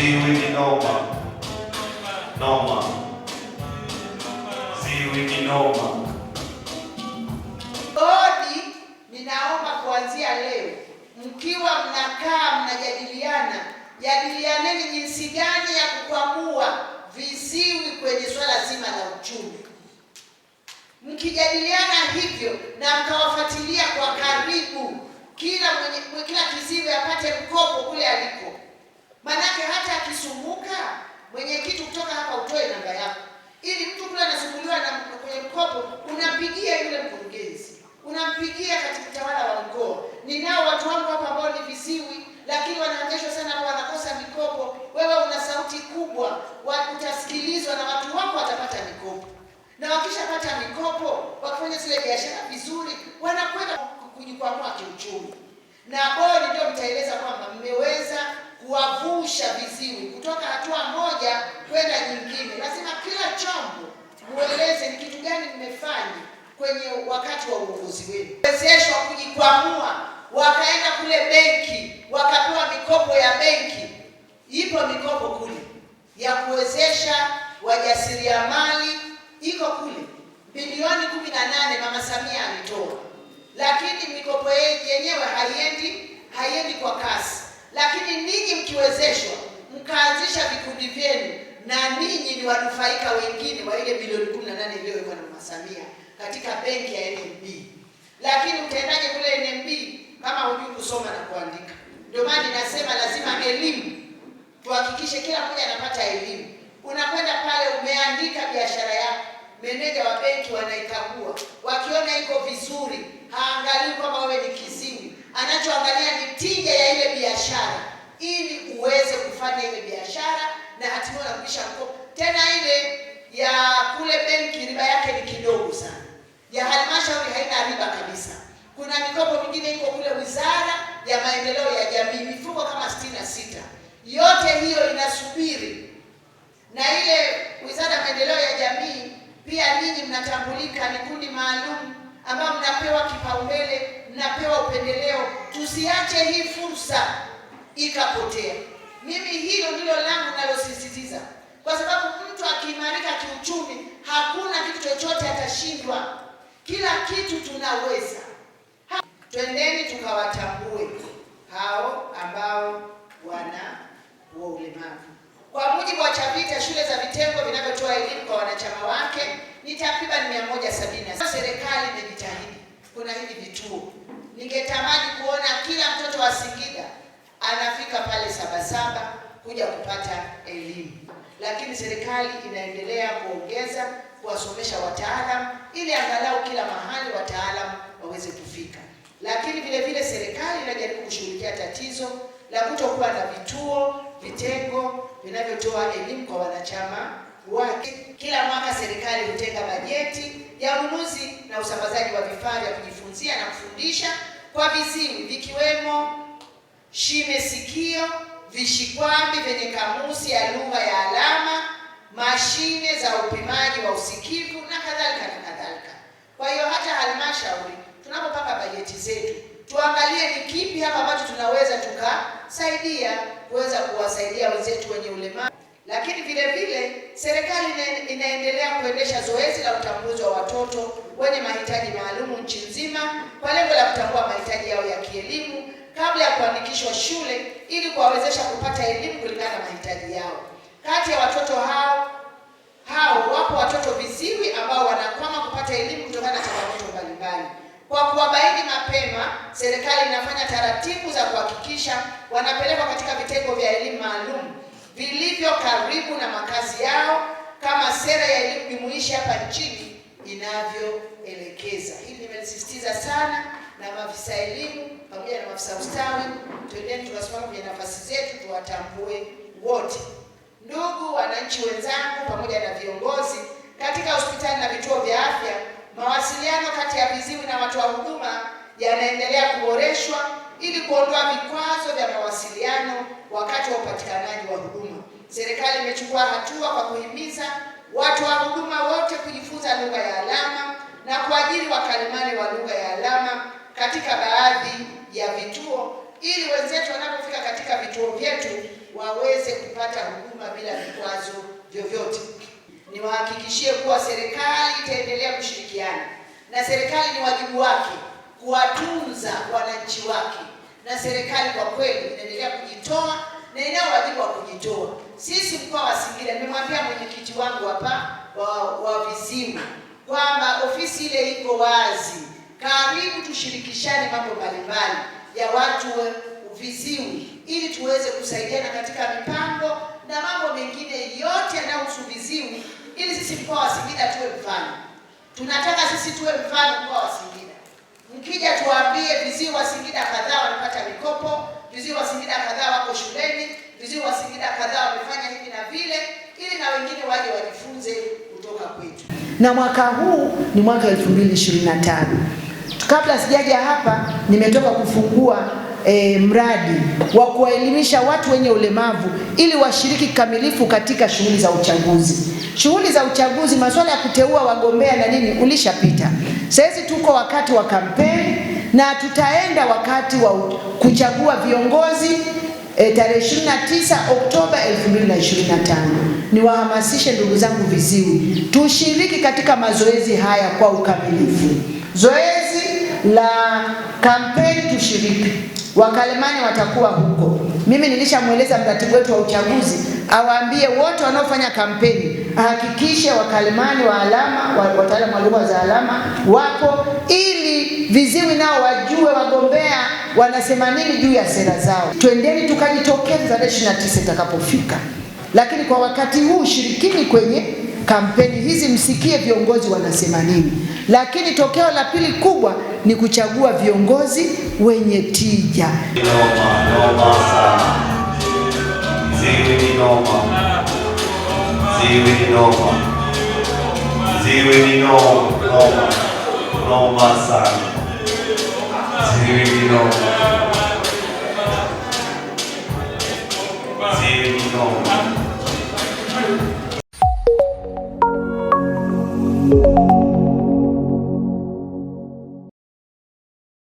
Ziwi ni noma noma, ziwi ni noma. Bodi, ninaomba kuanzia leo, mkiwa mnakaa mnajadiliana, jadilianeni jinsi gani ya kukwamua viziwi kwenye swala zima la uchumi. Mkijadiliana hivyo na mkawafuatilia kwa karibu, kila mwenye, kila kiziwi apate mkopo kule aliko. Manake hata akisumbuka kitu kutoka hapa utoe namba yako, ili mtu kule anasumbuliwa na kwenye mkopo, unampigia yule mkurugenzi, unampigia katika tawala wa mkoa. Ninao watu wangu hapa ambao ni viziwi lakini wanaonyeshwa sana kwa wanakosa mikopo. Wewe una sauti kubwa, utasikilizwa na watu wako watapata mikopo, na wakishapata mikopo, wakifanya zile biashara vizuri, wanakwenda kujikwamua kiuchumi, na bodi ndio mtaeleza kwamba mmeweza kuwavusha viziwi kutoka hatua moja kwenda nyingine. Lazima kila chombo mueleze ni kitu gani mmefanya kwenye wakati wa uongozi wenu. Wezeshwa kujikwamua, wakaenda kule benki, wakapewa mikopo ya benki. Ipo mikopo kule ya kuwezesha wajasiriamali, iko kule bilioni kumi na nane Mama Samia ametoa, lakini mikopo yenyewe haiendi haiendi kwa kasi lakini ninyi mkiwezeshwa mkaanzisha vikundi vyenu, na ninyi ni wanufaika wengine wa ile bilioni 18 iliyowekwa na Masamia katika benki ya NMB. Lakini utaendaje kule NMB kama hujui kusoma na kuandika? Ndio maana ninasema lazima elimu tuhakikishe kila mmoja anapata elimu. Unakwenda pale umeandika biashara yako, meneja wa benki wanaikagua, wakiona iko vizuri, haangalii kwamba wewe ni kizingi, anachoangalia ni biashara ili uweze kufanya ile biashara na hatimaye unarudisha mkopo tena. Ile ya kule benki riba yake ni kidogo sana, ya halmashauri haina riba kabisa. Kuna mikopo mingine iko kule Wizara ya Maendeleo ya Jamii, mifuko kama sitini na sita, yote hiyo inasubiri. Na ile Wizara ya Maendeleo ya Jamii pia ninyi mnatambulika, ni kundi maalum ambao mnapewa kipaumbele, mnapewa upendeleo. Tusiache hii fursa ikapotea. Mimi hilo ndilo langu nalosisitiza, kwa sababu mtu akiimarika kiuchumi, hakuna kitu chochote atashindwa. Kila kitu tunaweza. Twendeni tukawatambue hao ambao wana huo ulemavu. Kwa mujibu wa CHAVITA, shule za vitengo vinavyotoa elimu kwa wanachama wake ni takriban mia moja sabini. Serikali imejitahidi, kuna hivi vituo. Ningetamani kuona kila mtoto wa Singida anafika pale Sabasaba kuja kupata elimu, lakini serikali inaendelea kuongeza kuwasomesha wataalamu ili angalau kila mahali wataalamu waweze kufika. Lakini vile vile serikali inajaribu kushughulikia tatizo la kutokuwa na vituo vitengo vinavyotoa elimu kwa wanachama wake. Kila mwaka serikali hutenga bajeti ya ununuzi na usambazaji wa vifaa vya kujifunzia na kufundisha kwa viziwi vikiwemo shime sikio, vishikwambi vyenye kamusi ya lugha ya alama, mashine za upimaji wa usikivu na kadhalika na kadhalika. Kwa hiyo hata halmashauri tunapopanga bajeti zetu tuangalie ni kipi hapa ambacho tunaweza tukasaidia kuweza kuwasaidia wenzetu wenye ulemavu, lakini vile vile serikali inaendelea kuendesha zoezi la utambuzi wa watoto wenye mahitaji maalumu nchi nzima kwa lengo la kutambua mahitaji yao ya kielimu kuandikishwa shule ili kuwawezesha kupata elimu kulingana na mahitaji yao. Kati ya watoto hao hao wapo watoto viziwi ambao wanakwama kupata elimu kutokana na changamoto mbalimbali. Kwa kuwabaini mapema, serikali inafanya taratibu za kuhakikisha wanapelekwa katika vitengo vya elimu maalum vilivyo karibu na makazi yao kama sera ya elimu jumuishi hapa nchini inavyoelekeza. Hili nimelisisitiza sana na maafisa elimu pamoja na maafisa ustawi, tuendeni tukasimama kwenye nafasi zetu, tuwatambue wote. Ndugu wananchi wenzangu, pamoja na viongozi katika hospitali na vituo vya afya, mawasiliano kati ya viziwi na watoa wa huduma yanaendelea kuboreshwa ili kuondoa vikwazo vya mawasiliano wakati wa upatikanaji wa huduma. Serikali imechukua hatua kwa kuhimiza watoa wa huduma wote kujifunza lugha ya alama na kuajiri wakalimani wa lugha katika baadhi ya vituo, ili wenzetu wanapofika katika vituo vyetu waweze kupata huduma bila vikwazo vyovyote. Niwahakikishie kuwa serikali itaendelea kushirikiana na serikali, ni wajibu wake kuwatunza wananchi wake, na serikali kwa kweli inaendelea kujitoa na inao wajibu wa kujitoa. Sisi mkoa wa Singida, nimemwambia mwenyekiti wangu hapa wa, wa visimu kwamba ofisi ile iko wazi karibu tushirikishane mambo mbalimbali ya watu viziwi, ili tuweze kusaidiana katika mipango na mambo mengine yote yanayohusu viziwi, ili sisi mkoa wa Singida tuwe mfano. Tunataka sisi tuwe mfano mkoa wa Singida. Mkija tuambie viziwi wa Singida kadhaa wamepata mikopo, viziwi wa Singida kadhaa wako shuleni, viziwi wa Singida kadhaa wamefanya hivi na vile, ili na wengine waje wajifunze kutoka kwetu. Na mwaka huu ni mwaka 2025 kabla sijaja hapa nimetoka kufungua E, mradi wa kuwaelimisha watu wenye ulemavu ili washiriki kikamilifu katika shughuli za uchaguzi. Shughuli za uchaguzi, masuala ya kuteua wagombea na nini ulishapita. Sasa tuko wakati wa kampeni na tutaenda wakati wa kuchagua viongozi e, tarehe 29 Oktoba 2025. Niwahamasishe ndugu zangu viziwi, tushiriki katika mazoezi haya kwa ukamilifu. Zoezi la kampeni tushiriki, wakalemani watakuwa huko. Mimi nilishamweleza mratibu wetu wa uchaguzi awaambie wote wanaofanya kampeni ahakikishe wakalemani wa alama, wataalamu wa lugha za alama wapo, ili viziwi nao wajue wagombea wanasema nini juu ya sera zao. Twendeni tukajitokeza tarehe 29 itakapofika, lakini kwa wakati huu shirikini kwenye kampeni hizi, msikie viongozi wanasema nini. Lakini tokeo la pili kubwa ni kuchagua viongozi wenye tija. Noma, noma.